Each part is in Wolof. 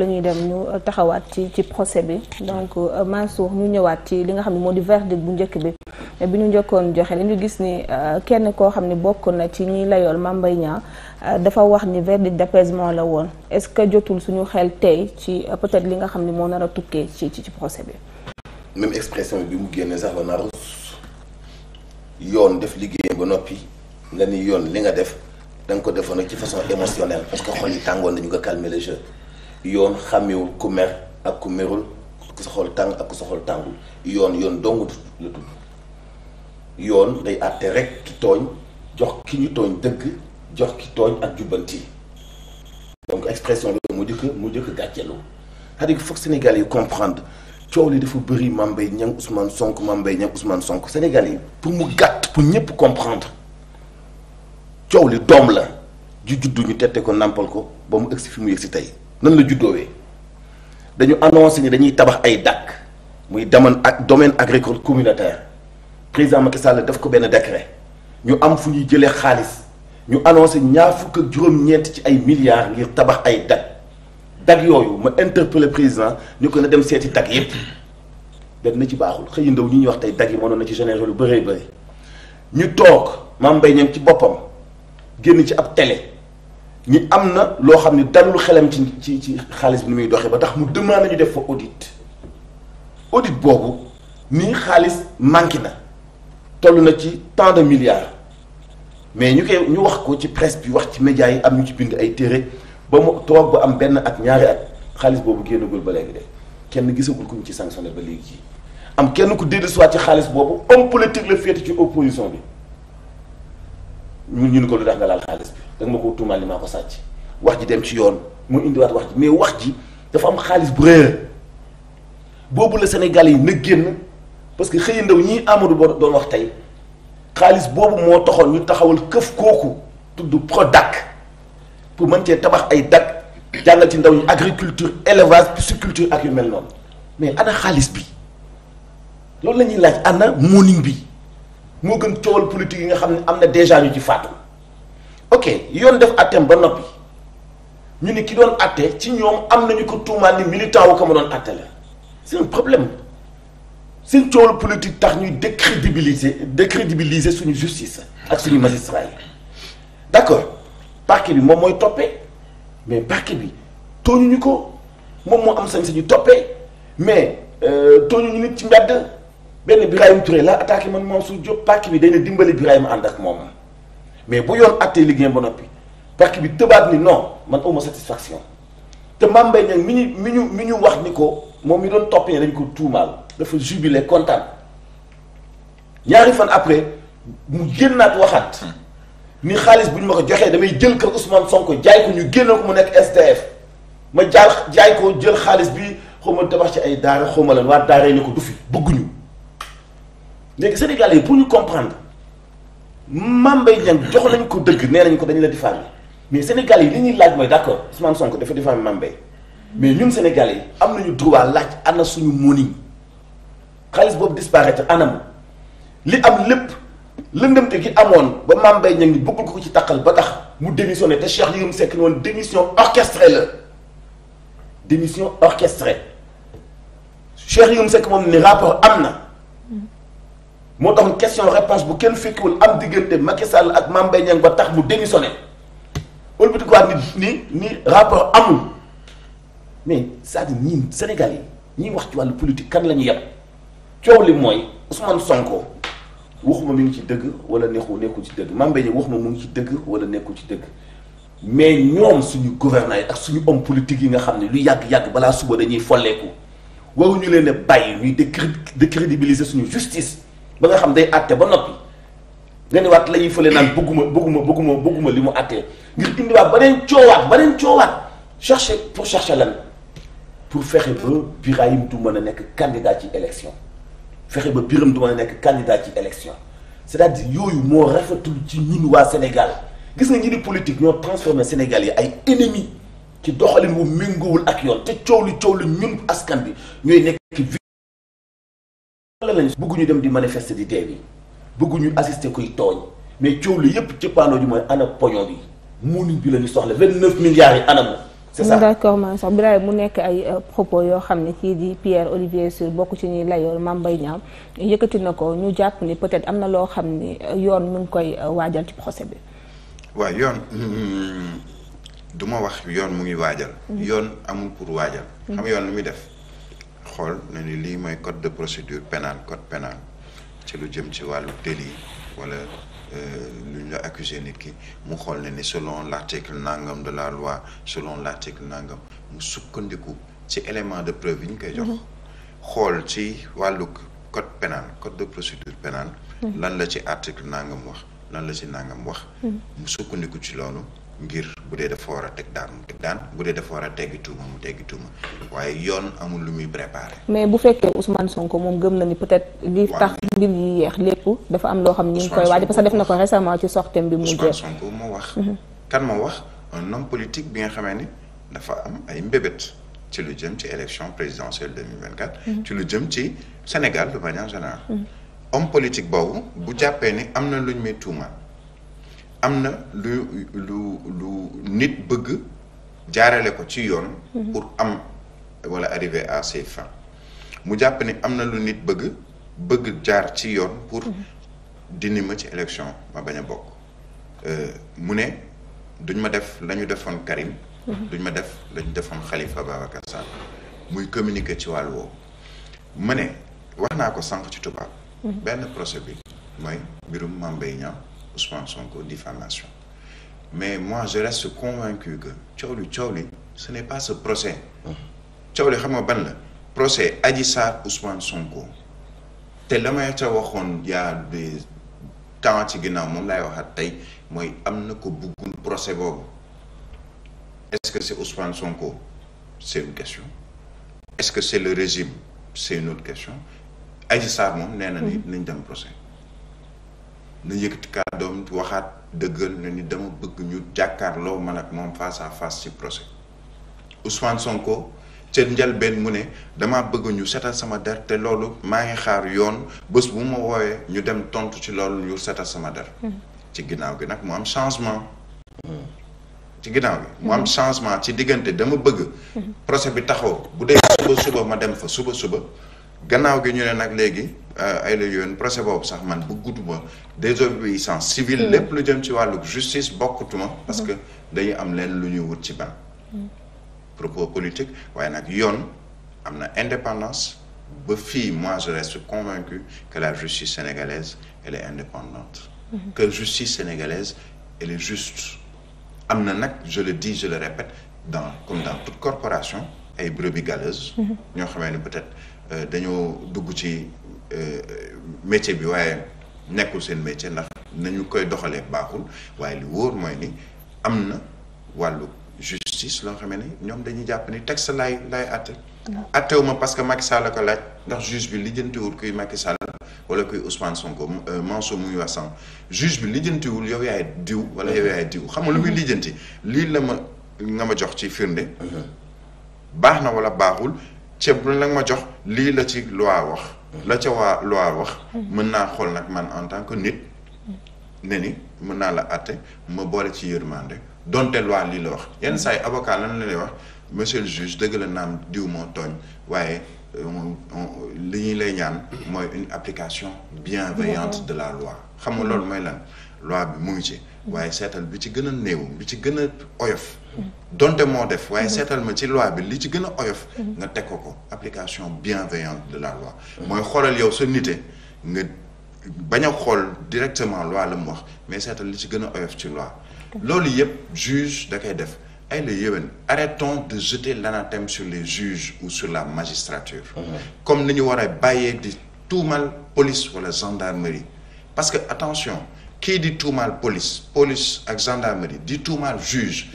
lañuy dem ñu taxawaat ci ci procès bi donc euh, Mansour ñu ñëwaat ci li nga xam ne moo di verdict bu njëkk bi bi ñu njëkkoon joxe li ñu gis ni euh, kenn koo xam ne bokk na ci ñiy layool Mame Mbaye Niang euh, dafa wax ni verdict d'apaisement la woon est-ce que jotul suñu xel tey ci peut-être li nga xam ni moo nar a tukkee ci ci procès bi. même expression bi mu génne sax la nar yoon def liggéey ba noppi nga ni yoon li nga def da nga ko defoon nag ci façon émotionnelle parce que yoon xàmmewul ku mer ak ku merul ku soxol tàng ak ku soxol tàngul yoon yoon dong la yoon day àtte rek ki tooñ jox ki ñu tooñ dëgg jox ki tooñ ak jubbanti donc expression bi mu jëkk mu jëkk gàccelu c'est-à-dire foog Sénégal yi comprendre coow li dafa bëri Mame Mbaye Niang Ousmane Sonko Mame Mbaye Niang Ousmane Sonko Sénégal yi pour mu gàtt pour ñëpp comprendre coow li doom la ju juddu ñu tette ko nàmpal ko ba mu egsi fi mu yegsi tey nan la juddoowee dañu annoncé ni dañuy tabax ay DAC muy demoon ak domaine agricole communautaire président Macky Sall def ko benn décret ñu am fu ñuy jëlee xaalis ñu annoncé ñaar fukk ak juróom-ñeent ci ay milliards ngir tabax ay DAC DAC yooyu ma interpellé président ñu ko na dem seeti DAC yépp dem na ci baaxul xëy ndaw ñu ñuy wax tey DAC yi mënoon na ci générer lu bëree bëri ñu toog Mame Mbaye Niang ci boppam génn ci ab tele ni am na loo xam ne dalul xelam ci ci ci xaalis bi ni muy doxee ba tax mu demande ñu def fa audit audit boobu nii xaalis manqué na toll na ci tant de milliards mais ñu koy ñu wax ko ci presse bi wax ci médias yi am ñu ci bind ay téere ba mu toog ba am benn ak ñaari at xaalis boobu génnagul ba léegi de kenn gisagul ko ñu ci sanctionné ba léegi am kenn ku dellu soit ci xaalis boobu homme politique la féet ci opposition bi ñun ñu ne ko lu tax nga laal xaalis bi danga ma ko tuumaal ni maa ko sàcc wax ji dem ci yoon mu indiwaat wax ji mais wax ji dafa am xaalis bu rëy boobu la Sénégal yi na génn parce que xëy ndaw ñi Amadou Ba doon wax tey xaalis boobu moo taxoon ñu taxawal këf kooku tudd Prodac pour mën cee tabax ay dak jàngal ci ndaw ñu agriculture élevage pisciculture ak yu mel noonu mais ana xaalis bi loolu la ñuy laaj ana moonin bi. moo gën coowal politique yi nga xam ne am na déjà ñu ci faatu ok yoon def atteem ba noppi ñu ni ki doon atte ci ñoom am nañu ko tuumaal ni militant wu ko ma doon atte la c'est un problème seen coowal politique tax ñuy décrédibiliser décrédibiliser suñu justice ak suñu magistrat yi d'accord parquet bi moom mooy toppee mais parquet bi tooñuñu ko moom moo am sañ-sañu toppee mais euh, ñu nit ci mbedd benn Birahim Touré la attaqué man Mansour Diop parc bi dañ ne dimbali Birahim ànd ak moom mais bu yoon àttee liggéey ba noppi parc bi tëbaat ni non man awma satisfaction te Mame Mbaye Niang mi ñu mu ñu mu ñu wax ni ko moom mi doon topp ne dañ ko tuumaal dafa jubilé kontaan ñaari fan après mu génnaat waxaat ni xaalis bu ñu ma ko joxee damay jël kër Ousmane Sonko jaay ko ñu génn ko mu nekk STF ma jaal jaay ko jël xaalis bi xaw ma tabax ci ay daara xaw ma lan waa daara ni ko du fi bëgguñu. léegi sénégal yi pour ñu comprendre Mame Mbaye Niang jox lañ ko dëgg nee nañ ko dañ la diffamé mais sénégal yi li ñuy laaj mooy d'accord Ousmane Sonko dafa diffamé Mame Mbaye mais ñun sénégal yi am nañu droit laaj na suñu moniñ xaalis boobu disparaître anam li am lépp lëndëmte gi amoon ba Mame Mbaye Niang ñi bëggul ko ci taqal ba tax mu démissionné te Cheikh Yérim Seck ni woon démission orchestrée la démission orchestrée Cheikh Yérim Seck moom ni rapport am na moo tax question réponse bu kenn fekkiwul am diggante Macky Sall ak Mame Mbaye Niang ba tax mu démissionné ëlbati ko ni ni ni rapport amul mais c'est-à-dire ñii Sénégal yi ñiy wax ci wàllu politique kan la ñu yem coow li mooy Ousmane Sonko waxuma mi ngi ci dëgg wala nekku nekku ci dëgg Mame Mbaye Niang waxuma mu ngi ci dëgg wala nekku ci dëgg mais ñoom suñu gouvernants yi ak suñu homme politique yi nga xam ne lu yàgg-yàgg balaa suba dañuy folleeku waruñu leen a bàyyi ñuy décrédibiliser suñu justice ba nga xam day àtte ba noppi nga ne waat la ñuy fële naan bëgguma bëgguma bëgguma bëgguma li mu àttee ngir indiwaat beneen coowaat beneen coowaat chercher pour chercher lan pour fexe ba Birahim du mën a nekk candidat ci élection fexe ba Birame du mën a nekk candidat ci élection c'est-à-dire yooyu moo rafetul ci ñun waa Sénégal gis nga ñi di politique ñoo transformé Sénégal yi ay ennemis ci doxalin wu méngoowul ak yoon te coow li coow li ñun askan bi lañ bëgguñu dem di manifester di teew yi bëgguñu assister kuy tooñ mais coow li yëpp cëppaandoo ji mooy ana poñon bi munuñ bi la ñu soxla vingt-neuf milliards yi ana moom c'est ça d'accord sax Birahima mu nekk ay euh, propos yoo xam ne kii di Pierre Olivier Sur bokk ci ñuy layoor Mame Mbaye Niang yëkkati na ko ñu jàpp ni peut-être am na loo xam ni euh, yoon mu ngi koy euh, waajal ci procès bi. waa yoon du ma wax yoon mu ngi waajal. Mm-hmm. yoon amul pour waajal. Mm-hmm. xam yoon lu muy def. xool ne ni lii mooy code de procédure pénale code pénal ci lu jëm ci wàllu délit wala euh, lu ñu la accuser nit ki mu xool ne ni selon l'article nangam de la loi selon l'article nangam mu sukkandiku ci élément de preuve yi ñu koy jox mm-hmm. xool ci wàllu code pénal code de procédure pénale mm-hmm. lan la ci article nangam wax lan la ci nangam wax mm-hmm. mu sukkandiku ci loolu ngir bu dee dafa war a teg daan mu dee dafa war a teggi tuuma mu teggi tuuma waaye yoon amul lu muy préparé. mais bu fekkee Ousmane Sonko moom gëm na ni peut-être. li tax mbir yi yeex lépp dafa am loo xam. ñu koy waaj parce que def na ko récemment ci sortem bi mu jeex. Ousmane Sonko moo wax. Mhm. kan moo wax un homme politique bi nga xamee ni dafa am ay mbébét ci lu jëm ci élection présidentielle 2024. Mhm. ci lu jëm ci Sénégal de manière générale. Mhm. homme politique boobu bu jàppee ni am na luñ muy am na lu lu lu nit bëgg jaarale ko ci yoon. Mhm. pour am wala arriver à ses fins mu jàpp ni am na lu nit bëgg bëgg jaar ci yoon pour mhm. dindi ma ci élection ma bañ a bokk euh, mu ne duñ ma def la defoon Karim. Mhm. duñ ma def la defoon Khalifa Babacar muy communiquer ci wàll woowu ma ne wax naa ko sànq ci tubaab. benn procès bi mooy mbirum Mame Mbaye Niang Ousmane Sonko diffamation mais moi je reste convaincu que coow lu coow li ce n'est pas ce procès coow mm-hmm. li xam nga ban la procès aji Sarr Ousmane Sonko te la may ca waxoon yaa des temps ci ginnaaw moom laay waxaat tey mooy am na ko buggul procès boobu est-ce que c'est Ousmane Sonko c'est une question est-ce que c'est le régime c'est une autre question Adji Sarr moom nee na ni mm-hmm. nañ dem procès na yëkkati doom waxaat dëggal na ni dama bëgg ñu jàkkaarloo ma ak moom face à face ci procès Ousmane Sonko ca njëlbeen mu ne dama bëgg ñu setal sama der te loolu maa ngi xaar yoon bés bu ma wooyee ñu dem tontu ci loolu ñu setal sama der hmm. ci ginnaaw gi nag mu am changement hmm. ci ginnaaw gi mu am hmm. changement ci diggante dama bëgg procès bi taxaw bu dee suba suba ma dem fa suba suba gannaaw gi ñu ne nag léegi Euh, ay la yoon procès boobu sax man gudd boo bëggatuma désobéissance civile lépp lu jëm ci wàllu justice bokkatuma parce que dañu am leen lu ñuy wut ci ban propos politique waaye nag yoon am na indépendance ba fii moi je reste convaincu que la justice sénégalaise elle est indépendante mhm. que justice sénégalaise elle est juste am na nag je le dis je le répète dans comme dans toute corporation ay brebis galeuses mhm. ñoo xamee ne peut-être euh, dañoo dugg ci Euh, métier bi waaye nekkul seen métier ndax nañu koy doxalee baaxul waaye li wóor mooy ni am na wàllu justice loo xam ne ñoom dañuy jàpp ni texte laay laay àtte. àttewuma parce que Macky Sall laaj ndax juge bi lijjantiwul kuy Macky Sall wala kuy Ousmane Sonko euh, Mansour muy wax sànq juge bi lijjantiwul yow yaay diw wala yow yaay diw xam nga lu muy mhm. lijjanti lii la ma nga ma jox ci firnde. Mhm. baax na wala baaxul ceeb bu la nga ma jox lii la ci loi wax. la ca waa loi wax. mën naa xool nag man en tant que nit. ne ni mën naa la àtte ma boole ci yërmande donte loi lii la wax yenn saa yi avocat lan la lay wax monsieur le juge dëgg la naam diw moo tooñ waaye euh, li ñuy lay ñaan mooy une application bienveillante de la loi xam nga loolu mooy lan loi bi mu ngi ci mm. waaye seetal bi ci gën a néew bi ci gën a oyof. donte moo def waaye mhm. seetal ma ci loi bi li ci gën a oyof mhm. nga teg ko ko application bienveillante de la loi mooy xoolal yow sa nite nga bañ a xool directement loi la mu wax mais seetal li ci gën a oyof ci loi loolu yëpp juge da koy def ay la yéwén arrêtons de jeter l'anathème sur les juges ou sur la magistrature mhm. comme ni ñu war a bàyyee di tuumal police wala gendarmerie parce que attention kii di tuumaal police police ak gendarmerie di tuumaal juge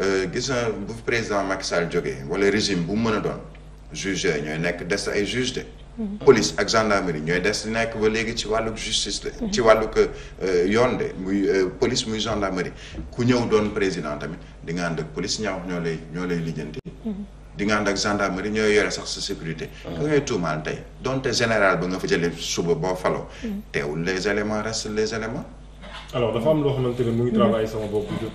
Euh, gis na bu président Macky Sall jógee wala régime bu mu mën a doon juge ñooy nekk des ay juge de mhm. police ak gendarmerie ñooy des nekk ba léegi ci wàlluk justice la ci mhm. wàlluk euh, yoon de muy euh, police muy gendarmerie ku ñëw doon président tamit di nga ànd ak police ñaaw ñoo lay ñoo lay lijjanti mhm. di nga ànd ak gendarmerie ñooy yore sax sa sécurité ka ah. ngay tuumaan tey donte général ba nga fa jëlee suba boo faloo teewul les éléments restent les éléments alors dafa am loo xamante ne mu ngi travaillé sama bopp euh,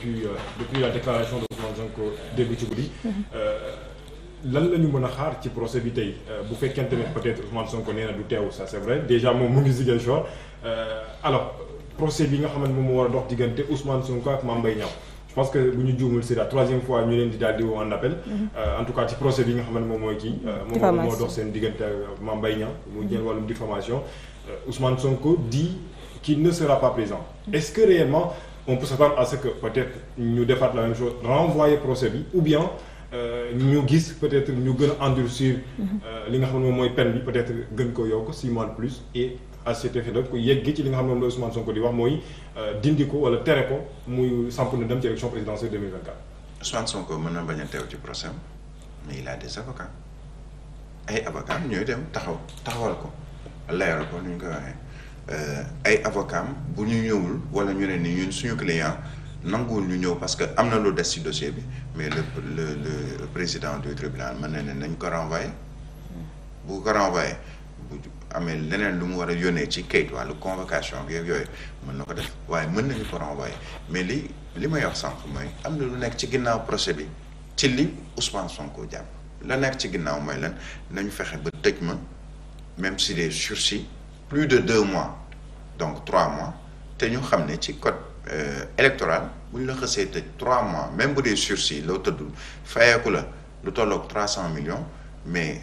depuis la déclaration de Ousmane Sonko début ci guddi mhm. euh, lan la ñu mën a xaar ci procès bi tey euh, bu fekkente ne peut-être Ousmane Sonko nee na du teew ça c'est vrai déjà moom mu ngi Ziguinchor alors procès bi nga xaman ne moom moo war a dox diggante Ousmane Sonko ak Mame Mbaye Niang je pense que bu ñu juumul c'est la troisième fois ñu leen di daal di woo en appel. Mhm. en tout cas ci procès bi nga xam ne moom mooy kii. moom moo dox seen diggante Mame Mbaye Niang mu jël wàllum diffamation Ousmane Sonko di. qui ne sera pas présent. Est-ce que réellement on peut s'attendre à ce que peut-être ñu defaat la même chose renvoyer procès bi ou bien euh, ñu gis peut-être ñu gën a endurcir euh, li nga xam ne moom mooy peine bi peut-être gën ko yokk six mois de plus et à cet effet nag ci li nga xam ne moom la Ousmane ko di wax mooy euh, dindi ko wala tere ko muy samp na dem ci élection présidentielle 2024. Ousmane Sonko mën na bañ a teew ci procès mais il a des avocats ay avocats ñooy dem taxaw taxawal ko layal ko ni ñu Euh, ay avocat bu ñu ñëwul wala ñu ne ni ñun suñu client nanguwul ñu ñëw parce que am na lu des ci dossier bi mais le le le président du tribunal mën na ne nañu ko renvoyer bu ko renvoyer bu amee leneen lu mu war a yónnee ci kayit wàllu convocation ak yooyu mën na ko def waaye mën nañu ko renvoyer mais li li may wax sànq mooy am na lu nekk ci ginnaaw procès bi ci li Ousmane Sonko jàpp la nekk ci ginnaaw mooy lan nañu fexe ba tëj ma même ci des sursis plus de deux mois donc trois mois te ñu xam ne ci code euh, électoral bu la xësee tëj trois mois même bu dee sursis loo tëddul fayeeku la lu tolloog trois cent millions mais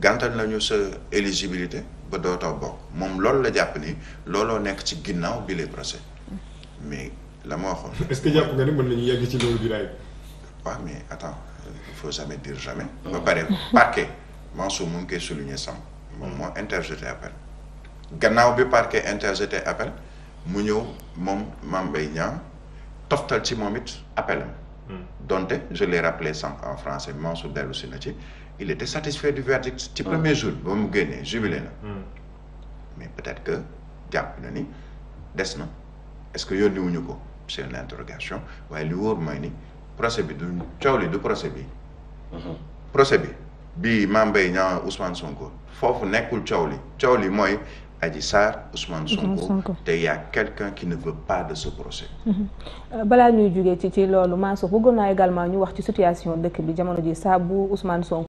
gàntal nañu sa éligibilité ba dootoo bokk moom loolu la jàpp ni looloo nekk ci ginnaaw bi les procès mais la ma waxoon. est-ce que jàpp nga ni mën nañu yegg ci loolu bi laay. waaw mais attends euh, il faut jamais dire jamais. ba pare parquet Mansour mu ngi koy souligner sànq. moom moo interjeté appel gannaaw bi parquet interjeté appel mu ñëw moom maam Mbaye Niang toftal ci moom it appel am hmm. donte je l'ai rappelé en français Mansour dellu si na ci il était satisfait du verdict ci oh. premier jour ba mu génnee jubilé na hmm. mais peut-être que jàpp na ni des na est-ce que yónni wuñu ko c'est une interrogation waaye li wóor mooy ni procès bi du coow li du procès bi mm-hmm. procès bi bi Mame Mbaye Niang Ousmane Sonko foofu nekkul coow li coow li mooy Adji Sarr Ousmane Sonko te y a quelqu'un qui ne veut pas de ce procès mhm. euh, balaa ñuy jógee ci ci loolu Mansour bëggoon naa également ñu wax ci situation dëkk bi jamono ji saabu bu Ousmane Sonko